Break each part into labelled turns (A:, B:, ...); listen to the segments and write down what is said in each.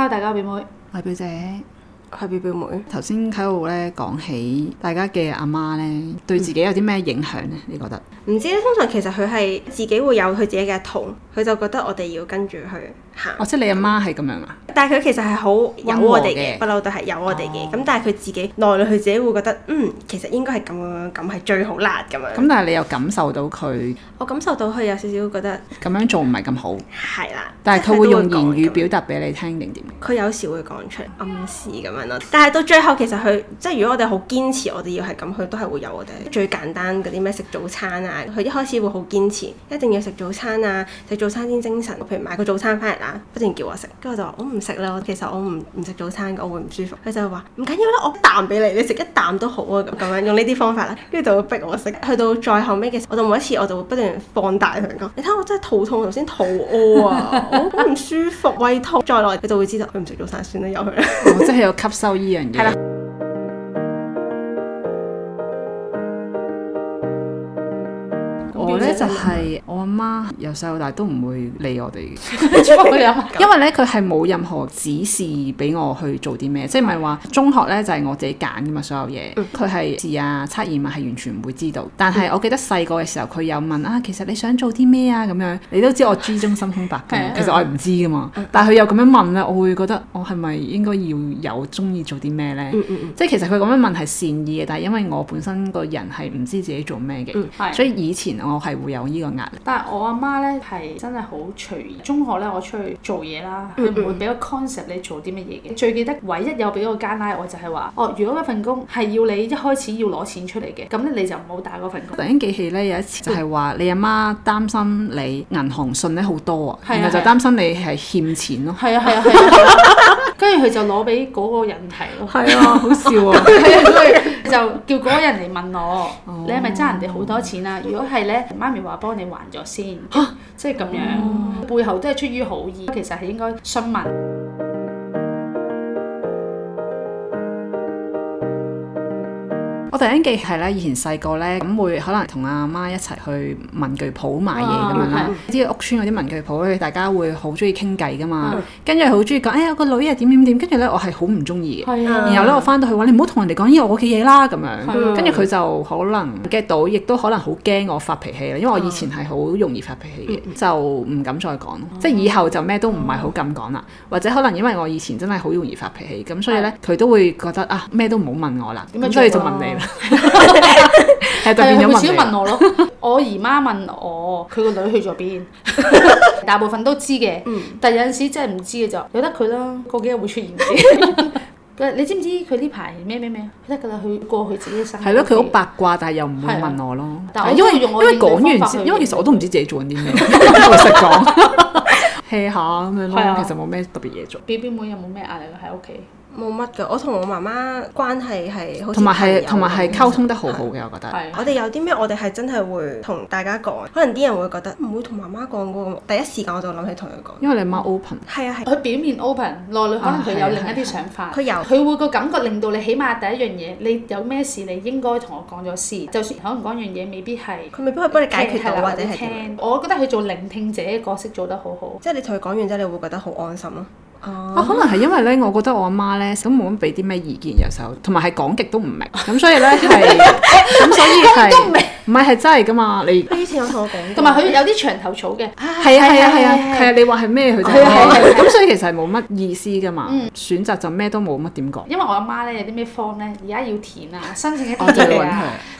A: Hello, 大家，表妹，係表姐，係表表妹。頭
B: 先喺度咧講起大家嘅阿媽咧，嗯、對自己有啲咩影響咧？你覺得？
A: 唔知咧，通常其實佢係自己會有佢自己嘅痛，佢就覺得我哋要跟住去
B: 行。哦，即係你阿媽係咁樣啊？嗯
A: 但係佢其實係好有我哋嘅，不嬲都係有我哋嘅。咁、哦、但係佢自己內裏佢自己會覺得，
B: 嗯，其實應該係咁樣咁係最好啦咁樣。咁但係你又感受到佢？
A: 我感受到佢有少少覺得
B: 咁樣做唔係咁好。係啦的。但係佢會用言語表達俾你聽定點？
A: 佢 有時會講出嚟暗示咁樣咯。但係到最後其實佢即係如果我哋好堅持我，我哋要係咁，佢都係會有我哋。最簡單嗰啲咩食早餐啊，佢一開始會好堅持，一定要食早餐啊，食早餐先精神。譬如買個早餐翻嚟啦，不斷叫我食，跟住我就話我唔。食啦，其實我唔唔食早餐嘅，我會唔舒服。佢就話唔緊要啦，我一啖俾你，你食一啖都好啊，咁樣，用呢啲方法啦，跟住就會逼我食。去到再後尾嘅時候，我就每一次我就會不斷放大佢講，你睇我真係肚痛，頭先肚屙啊，我好唔舒服，胃痛。再落佢就會知道，佢唔食早餐算啦，由佢。我真係有吸收呢樣嘢。
B: 我阿媽由細到大都唔會理我哋， 因為咧佢係冇任何指示俾我去做啲咩，即係唔係話中學咧就係、是、我自己揀㗎嘛，所有嘢佢係字啊測驗啊係完全唔會知道。但係我記得細個嘅時候，佢有問啊，其實你想做啲咩啊咁樣？你都知我 G 中心空白嘅， 啊、其實我係唔知㗎嘛。嗯、但係佢又咁樣問咧，我會覺得我係咪應該要有鍾意做啲咩咧？即係、嗯嗯嗯、其實佢咁樣問係善意嘅，但係因為我本身個人係唔知自己做咩嘅，嗯、所以以前我係會有呢個壓力。
C: 啊！但我阿媽咧係真係好隨意。中學咧我出去做嘢啦，佢唔、嗯嗯、會俾個 concept 你做啲乜嘢嘅。最記得唯一有俾個 guideline 我就係、是、話：哦，如果一份工係要你一開始要攞錢出嚟嘅，咁咧你就唔好打嗰份工。
B: 突然記起咧，有一次就係話你阿媽擔心你銀行信咧好多啊，然後就擔心你係欠錢咯。
C: 係啊係啊係啊！跟住佢就攞俾嗰個人睇咯。係啊，
B: 好笑啊！
C: 就叫嗰個人嚟問我，哦、你係咪爭人哋好多錢啊？如果係咧，媽咪話幫你還咗先，即係咁樣、哦、背後都係出於好意，其實係應該詢問。
B: 我突然間記係咧，以前細個咧咁會可能同阿媽，媽一齊去文具鋪買嘢咁樣啦，啲、啊、屋村嗰啲文具鋪，佢大家會好中意傾偈噶嘛，跟住好中意講，哎呀個女啊點點點，跟住咧我係好唔中意。然後咧我翻，啊、到去你話你唔好同人哋講呢個我嘅嘢啦咁樣，跟住佢就可能 get 到，亦都可能好驚我發脾氣，因為我以前係好容易發脾氣嘅，啊、就唔敢再講，啊、即係以後就咩都唔係好敢講啦，或者可能因為我以前真係好容易發脾氣，咁所以咧佢，啊、都會覺得啊咩都唔好問我啦，咁麼所以就問你。係代表有問嘅，有少
C: 問我咯？我姨媽問我佢個女去咗邊，大部分都知嘅。嗯，但係有陣時真係唔知嘅就，由得佢啦。過幾日會出現嘅。你知唔知佢呢排咩咩咩？得噶啦，去過去自己嘅生活。係咯，佢好八
B: 卦，但係又唔會問我咯。因為用我因為講，因為其實我都唔知自己做緊啲咩，我實講 hea 下咁樣咯。其實冇咩特別嘢做。
A: 表表妹又冇咩壓力？喺屋企？冇乜噶，我同我媽媽關係係好同埋係同埋係溝
B: 通得好好嘅，是我覺得是我。
A: 我哋有啲咩，我哋係真係會同大家講，可能啲人會覺得唔會同媽媽講喎，第一時間我就諗起同佢講。因為你媽，媽 open。係啊係。佢、啊啊、表面 open，
C: 內裏可能佢有另一啲想法。佢、啊啊啊啊、有，佢會個感覺令到你，起碼第一樣嘢，你有咩事，你應該同我講咗先。就算可能講完嘢，未必係。佢
A: 未必去幫你解決到聽、啊、或者係。我覺得佢做聆聽者嘅角色做得好好。即係你同佢講完之後，你會覺得好安心咯。啊，可能係因
B: 為咧，我覺得我阿媽咧，咁冇乜俾啲咩意見，有時候，同埋係講極都唔明，咁所以咧係，咁所以係，講都唔明，唔係係真係噶嘛，你呢
A: 次我同我講，同埋佢有
C: 啲長頭草嘅，係啊係啊係啊係啊，你
B: 話係咩佢就，咁所以其實係冇乜意思噶嘛，選擇就咩都冇乜點講，因
C: 為我阿媽咧有啲咩方咧，而家要填啊，申請一啲嘅，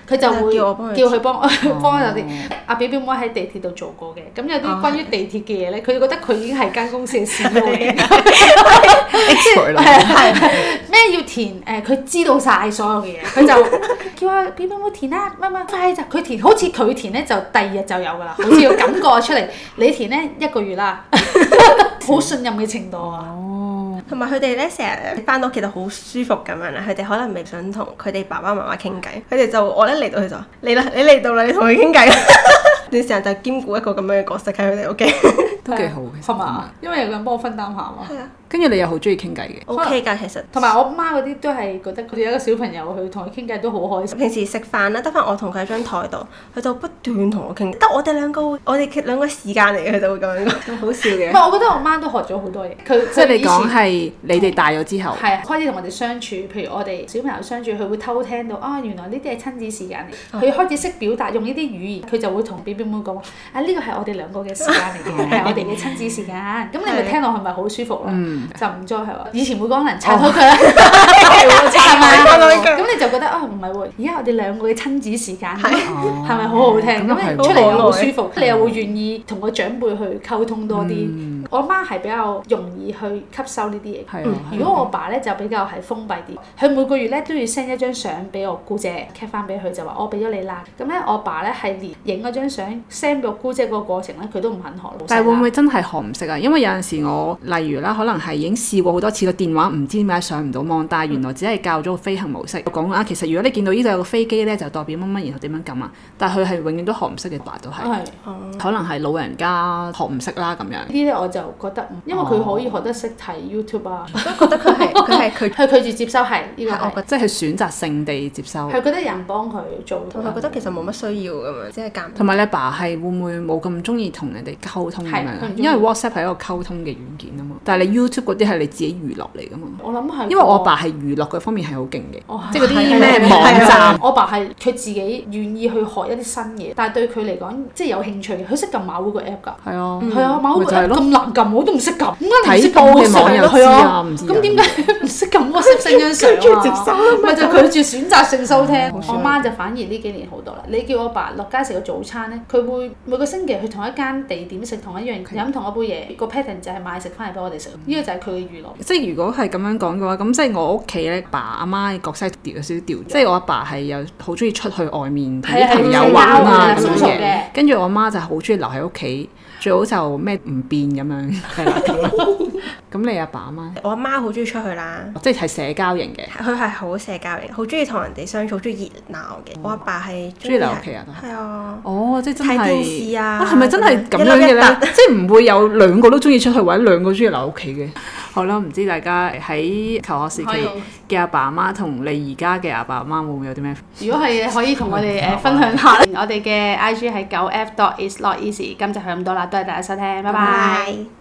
C: 佢就會叫佢幫，幫有啲阿表表妹喺地鐵度做過嘅，咁有啲關於地鐵嘅嘢咧，佢覺得佢已經係間公司嘅 C E O 嚟。係咩 要填？誒、呃，佢知道晒所有嘅嘢，佢就 叫阿表妹去填啦、啊。乜乜快就佢填，好似佢填咧就第二日就有噶啦，好似要感覺
A: 出嚟。你填咧一個月啦，好 信任嘅程度啊。哦，同埋佢哋咧成日翻到屋企就好舒服咁樣啊。佢哋可能未想同佢哋爸爸媽媽傾偈，佢哋就我咧嚟到佢就嚟啦，你嚟到啦，你同佢傾偈。 你成日就兼顧一個
B: 咁樣嘅角色喺佢哋屋企，okay. 都幾好嘅，係嘛？
A: 因為有人幫我分擔下嘛。
B: 跟住你又好中意傾偈
A: 嘅，OK 㗎，其實同埋我媽嗰啲都係覺得佢哋有個小朋友去同佢傾偈都好開心。平時食飯啦，得返我同佢喺張枱度，佢就不斷同我傾，得我哋兩個，我哋兩個時間嚟嘅，佢就會咁樣講。好笑嘅。我覺得
C: 我媽都學咗好多嘢。佢即係你講係
A: 你哋大咗之後。
C: 係啊，開始同我哋相處，譬如我哋小朋友相處，佢會偷聽到啊、哦，原來呢啲係親子時間嚟。佢開始識表達，用呢啲語言，佢就會同表表妹講，呢個係我哋兩個嘅時間嚟嘅，係我哋嘅親子時間。咁你咪聽落，係咪好舒服咯。嗯就唔再係話，以前每個人拆到佢，係嘛？咁你就覺得啊，唔係喎！而家我哋兩個嘅親子時間，係咪好好聽？咁咧出嚟又好舒服，你又會願意同個長輩去溝通多啲。我媽係比較容易去吸收呢啲嘢，如果我爸咧就比較係封閉啲。佢每個月咧都要 send 一張相俾我姑姐，cap 翻俾佢就話我俾咗你啦。咁咧我爸咧係連影嗰張相 send 俾我姑姐嗰個過程咧，佢都唔肯學。但係會唔
B: 會真係學唔識啊？因為有陣時我例如啦，可能係。已經試過好多次個電話，唔知點解上唔到網，但係原來只係教咗個飛行模式。我講啊，其實如果你見到呢度有個飛機咧，就代表乜乜，然後點樣撳啊？但係佢係永遠都學唔識嘅。爸都係，可能係老人家學唔識啦咁樣。呢啲我就
C: 覺得，因為佢可以學得識睇
A: YouTube 啊，
B: 都覺得佢係佢係佢係拒絕接收係呢個，即係選擇性地接收。佢
A: 覺得人幫佢做，同埋覺得其實冇乜需要咁樣，即係同埋
B: 你爸係會唔會冇咁中意同人哋溝通？因為 WhatsApp 係一個溝通嘅軟件啊嘛，但係你 YouTube 嗰啲係你自己娛樂嚟㗎嘛？我諗係因為我爸係娛樂嘅方面係好勁嘅，即係嗰啲咩網站。
C: 我爸係佢自己願意去學一啲新嘢，但係對佢嚟講即係有興趣嘅。佢識撳馬會個 app 㗎。係啊，係啊，馬會個 app 咁難撳，我都唔識撳。點解你識播相咧？係啊，咁點解
B: 唔識撳？我識聲音相啊。咪就拒絕
C: 選擇性收聽。我媽就反而呢幾年好多啦。你叫我爸落街食個早餐咧，佢會每個星期去同一間地點食同一樣飲同一杯嘢。個 pattern 就係買食翻嚟俾我哋食。
B: 即係如果係咁樣講嘅話，咁即係我屋企咧，爸阿媽嘅角色調有少少調，嗯、即係我阿爸係有好中意出去外面同啲朋友玩啊，跟住我媽就好中意留喺屋企，嗯、最好就咩唔變咁樣係、嗯、 啦。 咁你阿爸阿媽？
A: 我阿媽好中意出去啦，
B: 即係係社交型嘅。
A: 佢係好社交型，好中意同人哋相處，中意熱鬧嘅。我阿爸係
B: 中意留屋企人。係啊。哦，即係真係。睇電視啊。係咪真係咁樣嘅咧？即係唔會有兩個都中意出去，或者兩個中意留屋企嘅？好啦，唔知大家喺求學時期嘅阿爸阿媽同你而家嘅阿爸阿媽會唔會有啲咩？如果係
C: 可以同我哋誒分享下，我哋嘅 I G 係 9F dot is not easy。今集係咁多啦，多謝大家收聽，拜拜。